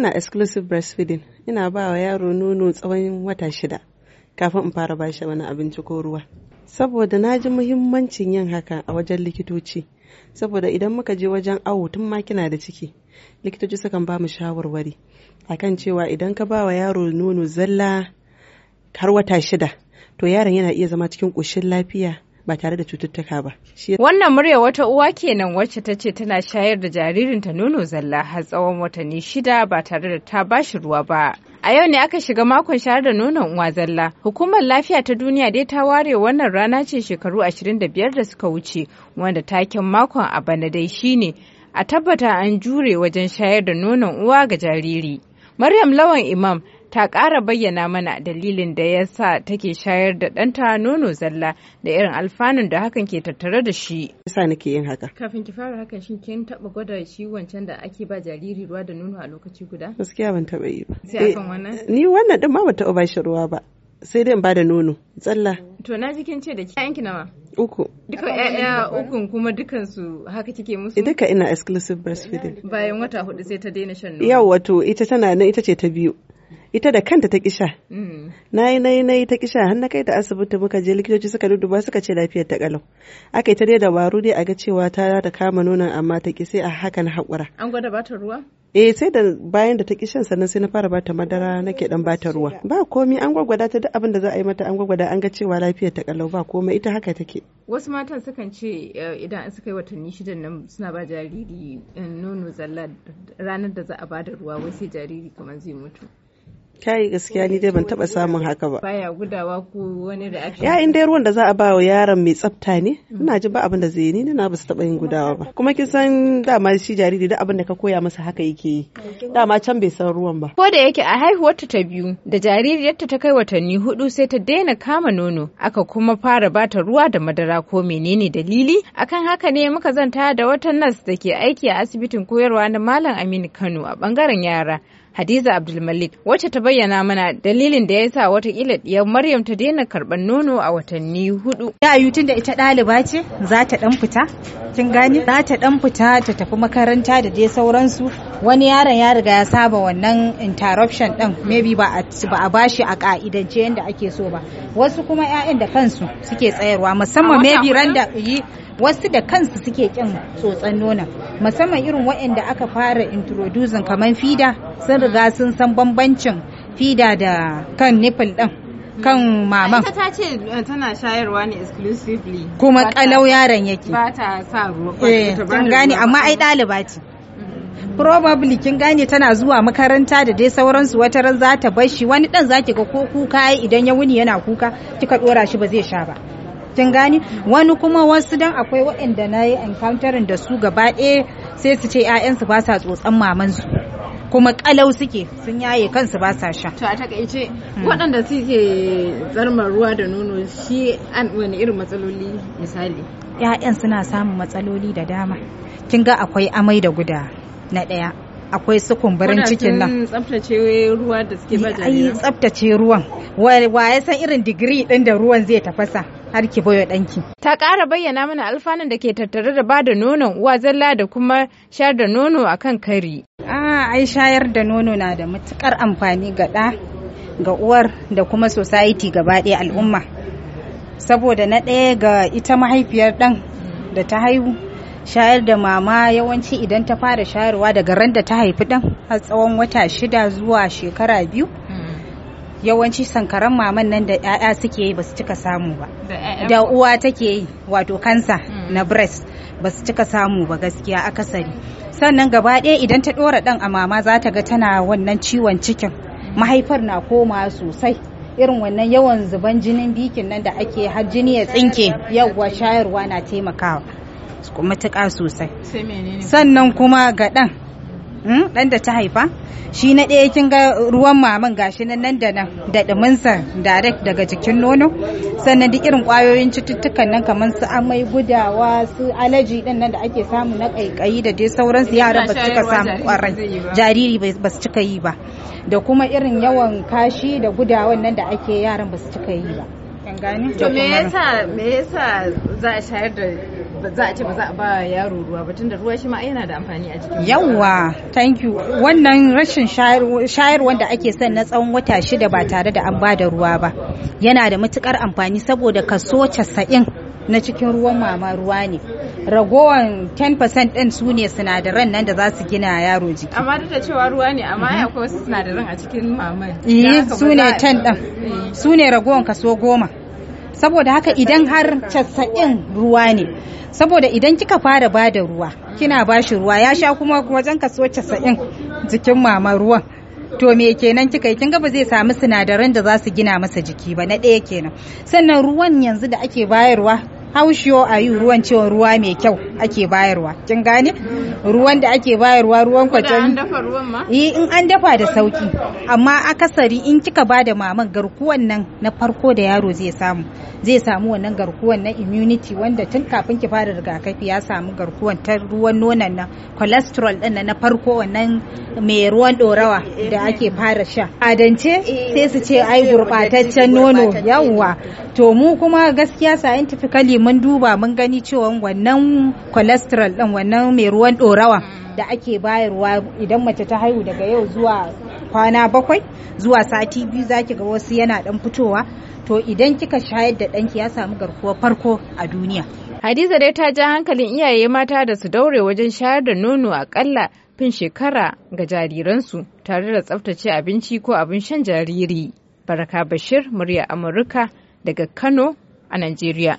Ina exclusive breastfeeding ina ba wa yaro nono tsawon wata shida kafin in fara ba shi wani abinci ko ruwa. Saboda na ji muhimmancin yin haka a wajen likitoci. Saboda idan muka je wajen awo tun ma kina da ciki, likitoci sukan ba mu shawarwari akan cewa idan ka ba wa yaro nono zalla har wata shida, to yaron yana iya zama cikin ƙoshin lafiya ba tare da cututtuka ba. Wannan murya wata uwa kenan wacce ta ce tana shayar da jaririnta nono zalla har tsawon watanni shida ba tare da ta ba shi ruwa ba. A yau ne aka shiga makon shayar da nonon uwa zalla. Hukumar lafiya ta duniya dai ta ware wannan rana ce shekaru 25 da suka wuce wanda taken makon a bana dai shine a tabbata an jure wajen shayar da nonon uwa ga jariri. Maryam Lawan Imam ta ƙara bayyana mana dalilin da ya sa take shayar da ɗanta nono zalla da irin alfanun da hakan ke tattare da shi. Yasa nake yin haka. Kafin ki fara hakan shin kin taɓa gwada shi wancan da ake ba jariri ruwa da nono a lokaci guda? Gaskiya ban taɓa yi ba. Sai akan eh, wannan? Ni wannan ɗin ma ban taɓa ba shi ruwa ba. Sai dai in ba da nono. Tsalla. To na ji kin ce da ki nawa? uku. Duka ƴaƴa ukun kuma dukansu haka kike musu? Eh, duka ina exclusive breastfeeding. Bayan wata hudu sai ta daina shan nono. Yau wato ita tana nan ita ce ta biyu. ita da kanta ta kisha mm. na yi na yi na yi ta kisha har na kai ta asibiti muka je likitoci suka duduba suka ce lafiyar ta kalau aka yi ta dai waru dai a ga cewa ta da kama nonon amma ta ki sai a hakan haƙura an gwada bata ruwa eh sai da bayan da ta kishan sannan sai na fara bata madara nake dan bata ruwa ba komai an gwagwada ta duk abin da za a yi mata an gwagwada an ga cewa lafiyar ta kalau ba komai ita haka take wasu matan sukan ce eh, idan an suka yi watanni shidan nan suna ba jariri eh, nono zalla ranar da za a bada ruwa wai sai jariri kamar zai mutu kayi gaskiya ni dai ban taba samun haka ba baya gudawa ko wani da ake yayin ruwan da za a ba wa yaron mai tsafta ne mm. ina ji ba abin da zai ni na ba su taba yin gudawa ba kuma kin san dama shi jariri da abin da ka koya masa haka yake yi dama can bai san ruwan ba ko da yake a haihuwarta ta biyu da jaririyarta ta kai watanni hudu sai ta daina kama nono aka kuma fara bata ruwa da madara ko menene dalili akan haka ne muka zanta da wata nas da ke aiki a asibitin koyarwa na malam Aminu Kano a bangaren yara Hadiza Abdulmalik wacce ta bayyana mana dalilin da ya sa watakila ya Maryam ta daina karɓar nono a watanni hudu. Ya ayu tun da ita ɗaliba ce za ta ɗan fita kin gani? za ta ɗan fita ta tafi makaranta da dai sauransu wani yaron ya riga ya saba wannan interruption ɗin maybe ba a bashi a ka'idance yadda ake so ba wasu kuma 'ya'yan da kansu suke tsayarwa musamman maybe ran yi wasu da kansu suke kin tsotsan nonon musamman irin waɗanda aka fara introducing kamar fida sun riga sun san bambancin fida da kan nipple ɗin kan maman. Ita ta ce eh, tana shayarwa ne exclusively. Kuma kalau yaron yake. Ba ta sa ruwa. ba eh, gane amma ai ɗaliba ce. Mm-hmm. Probably kin gane tana zuwa makaranta da dai sauransu wata ran za ta bar shi wani dan zaki ga ko kuka idan ya wuni yana kuka kika dora shi ba zai sha ba. kin gani wani kuma wasu dan akwai waɗanda na yi encountering da su gaba ɗaya sai su ce 'ya'yansu ba sa tsotsan mamansu kuma kalau suke sun yaye kansu ba sa sha. To a takaice waɗanda suke tsarmar ruwa da nono shi an wani irin matsaloli misali. ‘Ya'yan suna samun matsaloli da dama. Kin ga akwai amai da guda na ɗaya. akwai su kumburin cikin nan tsaftace ruwa da suke ba ai tsaftace ruwan wa ya san irin digiri din da ruwan zai tafasa har ki bayo danki ta ƙara bayyana mana alfanun da ke tattare da bada nonon uwa zalla da kuma shayar da nono akan kari a ai shayar da nono na da matukar amfani ga ɗa ga uwar da kuma society gaba ɗaya al'umma saboda na ɗaya ga ita mahaifiyar ɗan da ta haihu shayar da mama yawanci idan ta fara shayarwa daga ran da ta haifi ɗan har tsawon wata shida zuwa shekara biyu hmm. yawanci sankaran maman nan da 'ya'ya suke yi ba su cika samu ba Mm. da uwa take yi wato kansa mm. na breast ba su cika samu ba gaskiya akasari sannan gaba ɗaya idan ta ɗora ɗan a mama za ta ga tana wannan ciwon cikin mm. mahaifar na koma sosai irin wannan yawan zuban jinin bikin nan da ake har jini ya tsinke yawwa shayarwa na taimakawa matuƙa sosai sannan kuma ga ɗan dan hmm? da ta haifa shi na ɗaya kin ga ruwan maman gashi nan nan da nan da ɗuminsa direct daga jikin nono sannan duk irin ƙwayoyin cututtukan nan kamar su amai gudawa su alaji ɗin nan da ake samu na ƙaiƙayi da dai sauransu yaran ba su cika samu ƙwarai jariri ba su cika yi ba da kuma irin yawan kashi da gudawan nan da ake yaran ba su cika yi ba. To me yasa me yasa za a shayar da za a ce ba za a ba yaro ruwa ba tunda ruwa shi ma yana da amfani a jikin yawwa thank you wannan rashin shayar wanda ake son na tsawon wata shida ba tare da an ba da ruwa ba yana da matukar amfani saboda kaso casa'in na cikin ruwan mama ruwa ne ragowan 10% din su ne sinadaran nan da za su gina yaro jiki amma duk da cewa ruwa ne amma ya kuma sinadaran a cikin maman eh su ne 10 din eh. su ne ragowan kaso goma saboda haka idan har casa'in ruwa ne saboda idan kika fara ba da ruwa ah. kina ba shi ruwa ya sha kuma wajen kaso casa'in jikin mama ruwan to me kenan kika yi kin ba zai samu sinadaran da za su gina masa jiki ba na ɗaya kenan sannan ruwan yanzu da ake bayarwa haushiyo a yi ruwan cewa ruwa mai kyau ake bayarwa kin gane ruwan da ake bayarwa ruwan kwatan eh, in an dafa da sauki amma akasari in kika ba da maman garkuwan nan na farko da yaro zai samu zai samu wannan garkuwan na immunity wanda tun kafin ki fara rigakafi ya samu garkuwan ta ruwan nonon nan cholesterol din na farko wannan mai ruwan dorawa da ake fara sha adance sai su ce ai gurbataccen nono yawwa to mu kuma gaskiya scientifically mun duba mun gani cewa wannan cholesterol ɗin wannan mai ruwan ɗorawa da ake bayarwa idan mace ta haihu daga yau zuwa kwana bakwai zuwa sati biyu zaki ga wasu yana ɗan fitowa to idan kika shayar da ɗanki ya samu garkuwar farko a duniya Hadiza dai ta ja hankalin iyaye mata da su daure wajen shayar da nono akalla fin shekara ga jariransu tare da tsaftace abinci ko abin shan jariri. Baraka Bashir, murya Amurka daga Kano a Najeriya.